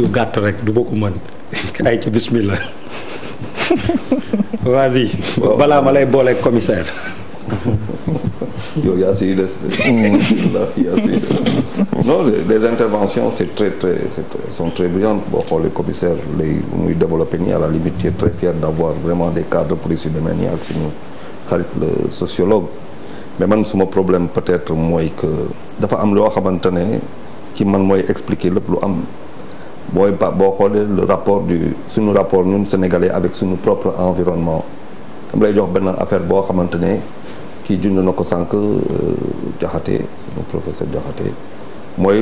yu gàtt rek du ma ko mën ay ca bismillah vas-y balaa ma lay boolee commissaire yow yaa siy des yaa siy des non les interventions c'est très très c'est très brillantes boo xoolee commissaire lay muy développé nii à la limite tu es très fier d'avoir vraiment des cadres pour ce domaine yi ak suñu xarit le sociologue mais man suma problème peut-être mooy que dafa am loo xamante ne ci man mooy expliquer lépp lu am booy ba boo xoolee le rapport du suñu rapport ñun sénégalais avec suñu propre environnement dama lay jox benn affaire boo xamante ne kii junj na ko sànq jaxate euh, suñu professeur jaxate mooy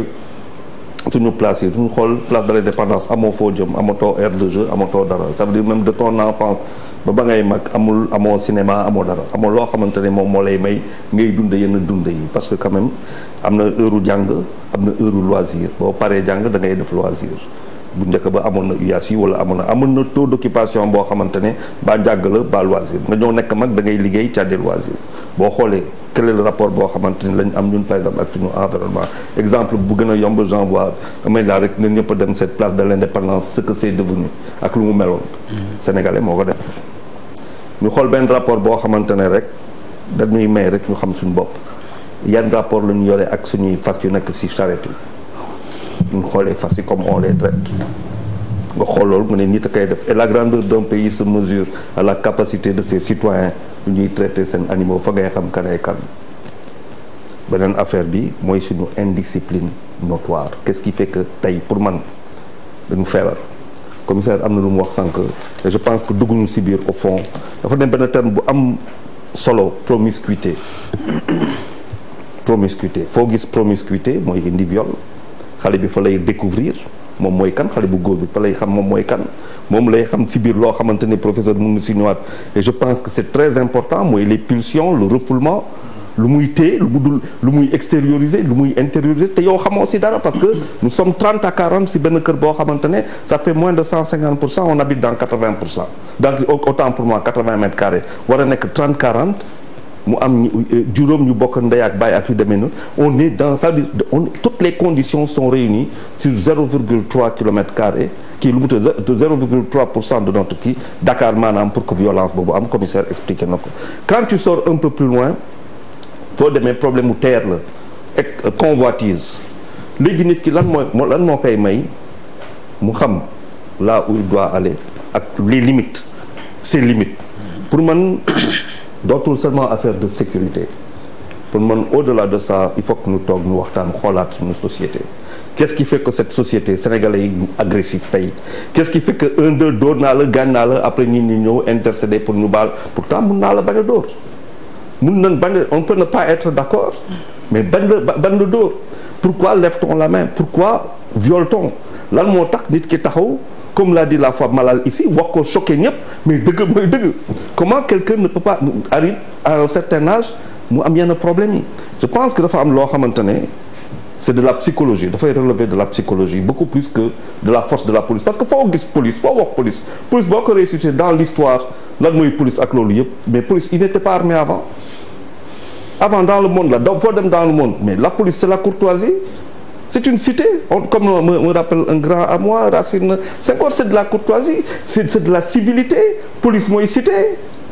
suñu place yi suñu xool place de l'indépendance amoo foo jëm amatoo r de jeu amatoo dara sa veut dire même de ton enfance ba ba ngay mag amul amoon cinéma amoo dara amoo loo xamante ne moom moo lay may ngay dunde yenn dunde yi parce que quand am na heure jàng am na heure loisir boo paree jàng da ngay def loisir bu njëkk ba amoon na UAS yi wala amoon na amoon na taux d'occupation boo xamante ne baa jàng la baa loisir nga ñoo nekk mag da ngay liggéey cadde loisir boo xoolee quel est le rapport boo xamante ni lañ am ñun par exemple ak suñu environnement exemple bu gën a yomb j'envoie amay laa rek ñun ñëpp a dem cette place de l'indépendance ce que c'est devenu ak lu mu meloon mm-hmm. sénégalais moo ko def ñu xool benn rapport boo xamante ne rek dañuy may rek ñu xam suñu bopp yan rapport lu ñu yore ak suñuy fas yu nekk si charrette yi ñu xoolee fas yi comme on les traite nga xool mu ne nit a koy def et la grandeur d'un pays se mesure à la capacité de ses citoyens lu ñuy traiter seen animaux fa ngay xam kan kan beneen affaire bi mooy suñu indiscipline notoire qu'est-ce qui fait que tey pour man dañu feebar commissaire am na lu mu wax sànq je pense que dugguñu si biir au fond dafa dem benn terme bu am solo promiscuité promiscuité foo gis promiscuité mooy indi viol xale bi fa lay découvrir moom mooy kan xale bu góor bi fa lay xam moom mooy kan moom lay xam ci biir loo xamante ni professeur mun na si ñëwaat et je pense que c'est très important mooy les pulsions le refoulement lu muy téye lu mu dul lu muy extérioriser lu muy intérioriser te yow xamoo si dara parce que nous sommes 30 à 40 si benn kër boo xamante ne ça fait moins de 150 pour cent on habite dans pour cent donc autant pour moi 80 mètres carrés war a nekk 30 40 mu am euh, juróom ñu bokk ndey ak baay ak yu demee noonu on est dans sa veut dire on toutes les conditions sont réunies sur 0,3 kilomètre carré kii lu mu tudd 0,3 pour cent de notre kii Dakar maanaam pour que violence boobu am commissaire expliqué na ko quand tu sors un peu plus loin soo demee problème mu terre la ak euh, convoitise léegi nit ki lan mooy lan moo koy may mu xam là où il doit aller ak les limites ses limites pour man dootul seulement affaire de sécurité pour man au-delà de ça il faut que ñu toog ñu waxtaan xoolaat suñu société qu'est-ce qui fait que cette société sénégalais yi agressif tey qu'est-ce qui fait que un deux dóor naa la gaañ la après nit ñi ñëw intercéder pour ñu baal pourtant mun naa la bañ a dóor mun nañ bañ on peut ne pas être d'accord mais bañ la bañ la dóor pourquoi lève t la main pourquoi viole-t-on lan moo tax nit ki taxaw comme l'a dit la fois Malal ici wax ko choqué ñëpp mais dëgg mooy dëgg comment quelqu'un ne peut pas arrive à un certain âge mu am yenn problème yi je pense que dafa am loo xamante ne c'est de la psychologie dafay relever de la psychologie beaucoup plus que de la force de la police parce que foo gis police foo wax police police boo ko dans l'histoire lan mooy police ak loolu yëpp mais police il n'était pas armé avant dans le monde la la police c'est la c'est une cité comme me, rappelle un grand à moi Racine Senghor c'est de la courtoisie c'est c'est de la civilité police mooy cité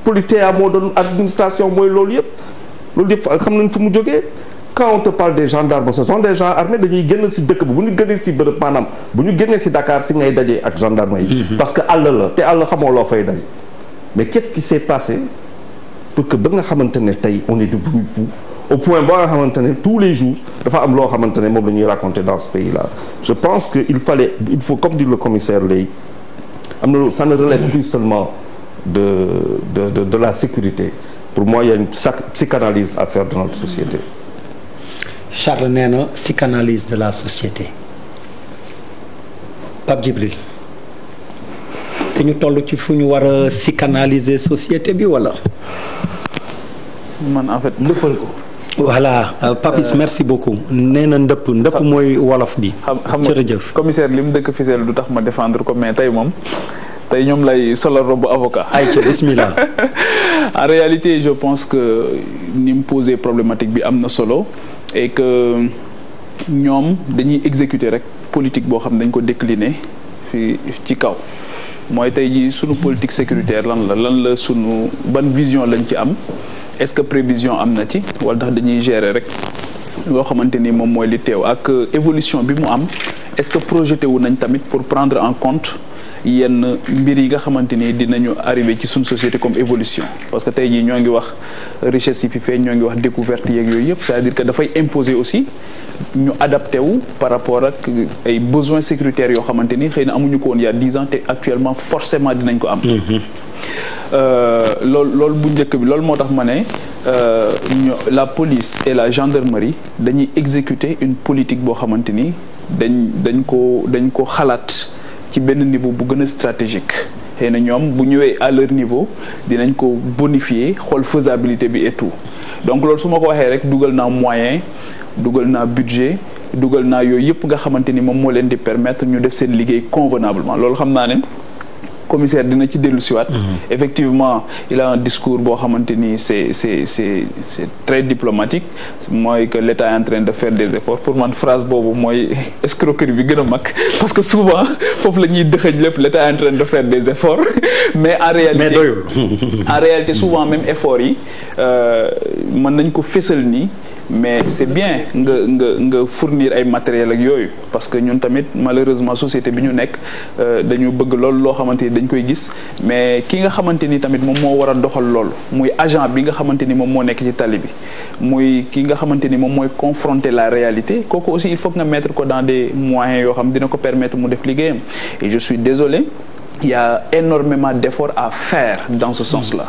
politéa moo doon administration mooy loolu yëpp loolu yëpp xam nañ fu mu jógee quand on parle des gendarmes ce sont des gens armés dañuy génn ci dëkk bi bu ñu génnee ci bërëb maanaam bu ñu génnee ci Dakar ci ngay dajee ak gendarme yi mm-hmm. parce que àll la te àll xamoo loo fay daj mais qu'est-ce qui s'est passé pour que ba nga xamante ne tey on est au point boo nga xamante ne tous les jours dafa am loo xamante ne moom la ñuy raconter dans ce pays là je pense que il fallait il comme dit le commissaire léegi am na ça ne relève plus seulement de de de, de la sécurité pour moi il y a une psychanalyse à faire dans notre société Charles nee na psychanalyse de la société Pape Djibril te ñu toll ci fu ñu war a psychanalyser société bi wala. man en fait lëppal ko. voilà euh, Papis euh, merci beaucoup nee na ndëpp ndëpp mooy wolof bi. jërëjëf commissaire li mu dëkk Fissel lu tax ma défendre ko mais tey moom tey ñoom lay solal robu avocat. ay ci bismillah en réalité je pense que ni mu posé problématique bi am na solo et que ñoom dañuy exécuter rek politique boo xam dañ ko décliner fii ci kaw. mooy tey jii sunu politique sécuritaire lan la lan la sunu ban vision lañ ci am. est-ce que prévision am na ci wala ndax dañuy gérer rek yoo xamante ni moom mooy li teew ak euh, évolution bi mu am est-ce que projeté wu nañ tamit pour prendre en compte yenn mbir yi nga xamante ni dinañu arrivé ci suñ société comme évolution parce que tey jii ñoo ngi wax richesse yi fi feeñ ñoo ngi wax découverte yeeg yooyu yëpp c'est-à-dire que dafay imposé aussi ñu adapté wu par rapport ak ay besoins sécuritaires yoo xamante ni xëy na amuñu ko woon il y a dix actuellement forcément dinañ ko am. Mm-hmm. loolu euh, loolu bu njëkk bi loolu moo tax ma ne euh, la police et la gendarmerie dañuy exécuter une politique boo xamante ni dañ dañ ko dañ ko xalaat ci benn niveau bu gën a stratégique xëy na ñoom bu ñëwee à leur niveau dinañ ko bonifier xool faisabilité bi et tout donc loolu su ma ko waxee rek dugal naa moyen dugal naa budget dugal naa yooyu yëpp nga xamante ni moom moo leen di permettre ñu def seen liggéey convenablement loolu xam naa ne commissaire dina ci dellu siwaat mhm. effectivement il a un discours boo xamante ni c'est c'est très diplomatique mooy que l'État est en train de faire des efforts pour man phrase boobu mooy escroquerie bi gën a mag parce que souvent foofu la ñuy dëxëj lépp l'État est en train de faire des efforts mais en réalité en réalité souvent même effort yi euh, man nañ ko fésal nii mais c' est bien nga nga nga fournir ay matériel ak yooyu parce que ñun tamit malheureusement société bi ñu nekk euh, dañu bëgg loolu loo xamante ni dañ koy gis mais ki nga xamante ni tamit moom moo war a doxal loolu muy agent bi nga xamante ni moom moo nekk ci tali bi muy ki nga xamante ni moom mooy confronter la réalité kooku aussi il faut nga mettre ko dans des moyens yoo xam dina ko permettre mu def liggéeyam et je suis désolé il y énormément d'efforts à faire dans ce sens-là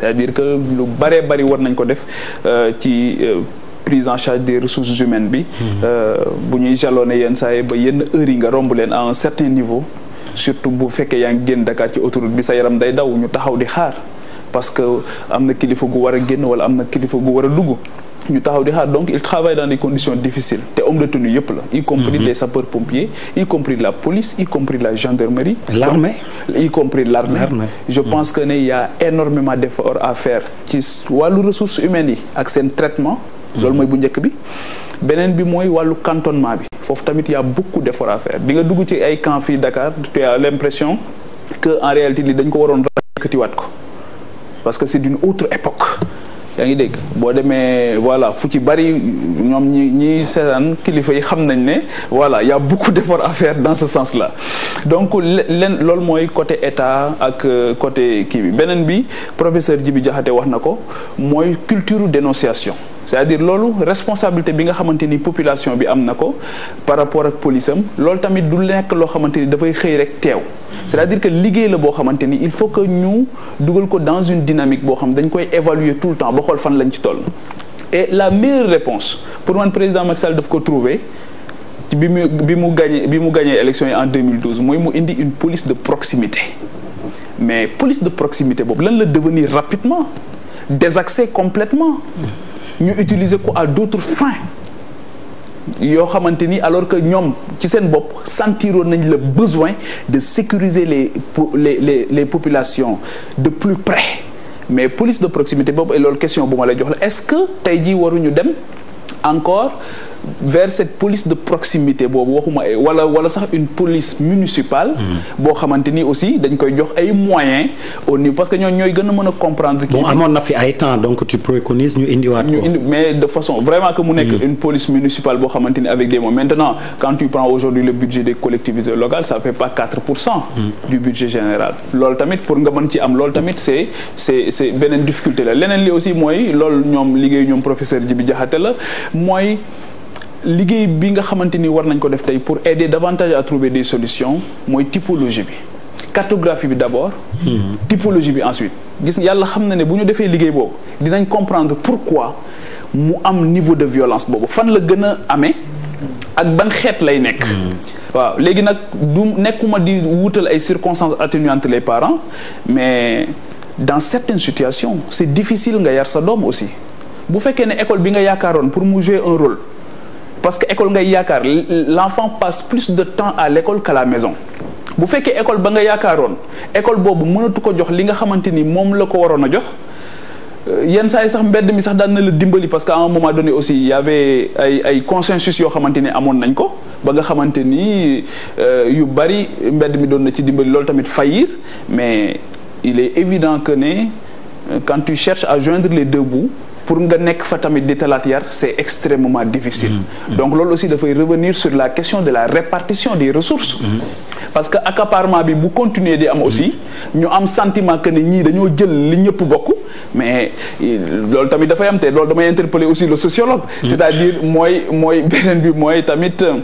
que lu bare bari war nañ ko def euh, ci euh, prise en charge des ressources humaines bi hmm. euh, bu ñuy jalonné yenn saa yenn heures nga romb leen à un certain niveau surtout bu fekkee yaa ngi génn Dakar ci autoroute bi sa yaram day daw ñu taxaw di xaar parce que am na kilifa gu war a génn wala am na kilifa gu war a dugg ñu taxaw di xaar donc il travaille dans des conditions difficiles te homme de tenue yëpp la y compris les hmm. sapeurs pompiers y compris la police y compris la gendarmerie l'armée y compris l'armée hmm. a énormément d'efforts à faire loolu mooy bu njëkk bi beneen bi mooy wàllu cantonnement bi foofu tamit y a beaucoup d'efforts à nga dugg ci ay camp fii Dakar tu as l'impression que en réalité li dañ ko waroon rakkatiwaat ko parce que c'est d'une autre époque yaa ngi dégg boo demee voilà fu ci bari ñoom ñi ñi seetaan kilifa yi xam nañ ne voilà y a beaucoup d'efforts dans ce sens-là donc len loolu mooy côté état ak euh, côté kii bi beneen bi professeur Djibi Diakhaté wax na ko mooy culture dénonciation c'est-à-dire loolu responsabilité bi nga xamante ni population bi am na ko par rapport ak police am loolu tamit du nekk loo xamante ni dafay xëy rek teew c'est-à-dire que liggéey la boo xamante ni il faut que ñu dugal ko dans une dynamique boo xam dañ koy évaluer tout le temps ba xool fan lañ ci toll et la meilleure réponse pour man président Macky Sall daf ko trouver bi mu bi mu gagné bi mu gagné élection yi en 2012 mooy mu indi une police de proximité mais police de proximité boobu lan la devenir rapidement désaxé complètement ñu utiliser ko à d'autres fins yoo xamante ni alors que ñoom ci seen bopp sentiroon nañ le besoin de sécuriser les les les les populations de plus près mais police de proximité boobu et loolu question bu ma la jox la est-ce que tey jii waruñu dem encore vers cette police de proximité boobu waxuma ay wala wala sax une police municipale. Hmm. boo xamante ni aussi dañ koy jox ay moyens au niveau parce que ñoom ñooy gën a mën a comprendre. kii bon na fi ay temps donc tu ñu indiwaat mais de façon vraiment mu nekk hmm. une police municipale boo xamante ni avec des moyens maintenant quand tu prends aujourd'hui le budget des collectivités locales ça fait pas hmm. du budget général. loolu tamit pour nga mën ci am loolu tamit c'est c'est c'est beneen difficulté la leneen li aussi mooy loolu ñoom liggéey ñoom professeur Djibi Diakhaté la mooy. liggéey bi nga xamante ni war nañ ko def tey pour aider davantage à trouver de solution mooy typologie bi cartographie bi d'abord. Hmm. typologie bi ensuite. gis yàlla xam na ne bu ñu defee liggéey boobu dinañ comprendre pourquoi mu am niveau de violence boobu fan la gën a amee. ak ban xeet lay nekk. Hmm. waaw léegi nag du nekkuma di wuutal ay circonstances atténuantes les parents mais dans certaines situation c'est difficile nga yar sa doom aussi bu fekkee ne école bi nga yaakaaroon pour mu jouer un parce que école ngay yaakaar l'enfant passe plus de temps à l'école qu'à la maison bu fekkee école ba nga yaakaaroon école boobu mënatu ko jox li nga xamante ni moom la ko waroon a jox euh, yenn saa yi sax mbedd mi sax daan na la dimbali parce que à un moment donné aussi il ay ay consensus yoo xamante ni amoon nañ ko ba nga xamante ni euh, yu bari mbedd mi doon na ci dimbali loolu tamit faillir mais il est évident que ne euh, quand tu cherches à joindre les deux bouts pour nga nekk fa tamit di talaat yar c'est extrêmement difficile mm-hmm. Mm-hmm. donc loolu aussi dafay revenir sur la question de la répartition des ressources mm-hmm. parce que accaparement bi bu continuer di am aussi ñu am sentiment que ni ñii dañoo jël li ñëpp bokk mais loolu tamit dafay am te loolu damay interpeller aussi le sociologue c'est-à-dire mooy mooy beneen bi mooy tamit euh,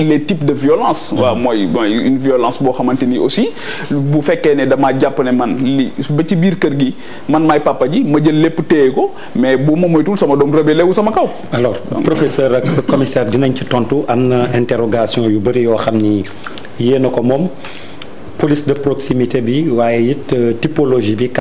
les type de violence waaw mooy mooy une violence boo xamante ni aussi bu fekkee ne damaa jàpp ne man li ba ci biir kër gi man maay papa ji ma jël lépp téye ko mais bu ma moytuwul sama doom rebelle wu sama kaw alors euh, professeur ak commissaire dinañ ci tontu am na interrogation yu bëri yoo xam ni yéena ko moom police de proximité bi waaye it euh, typologie bi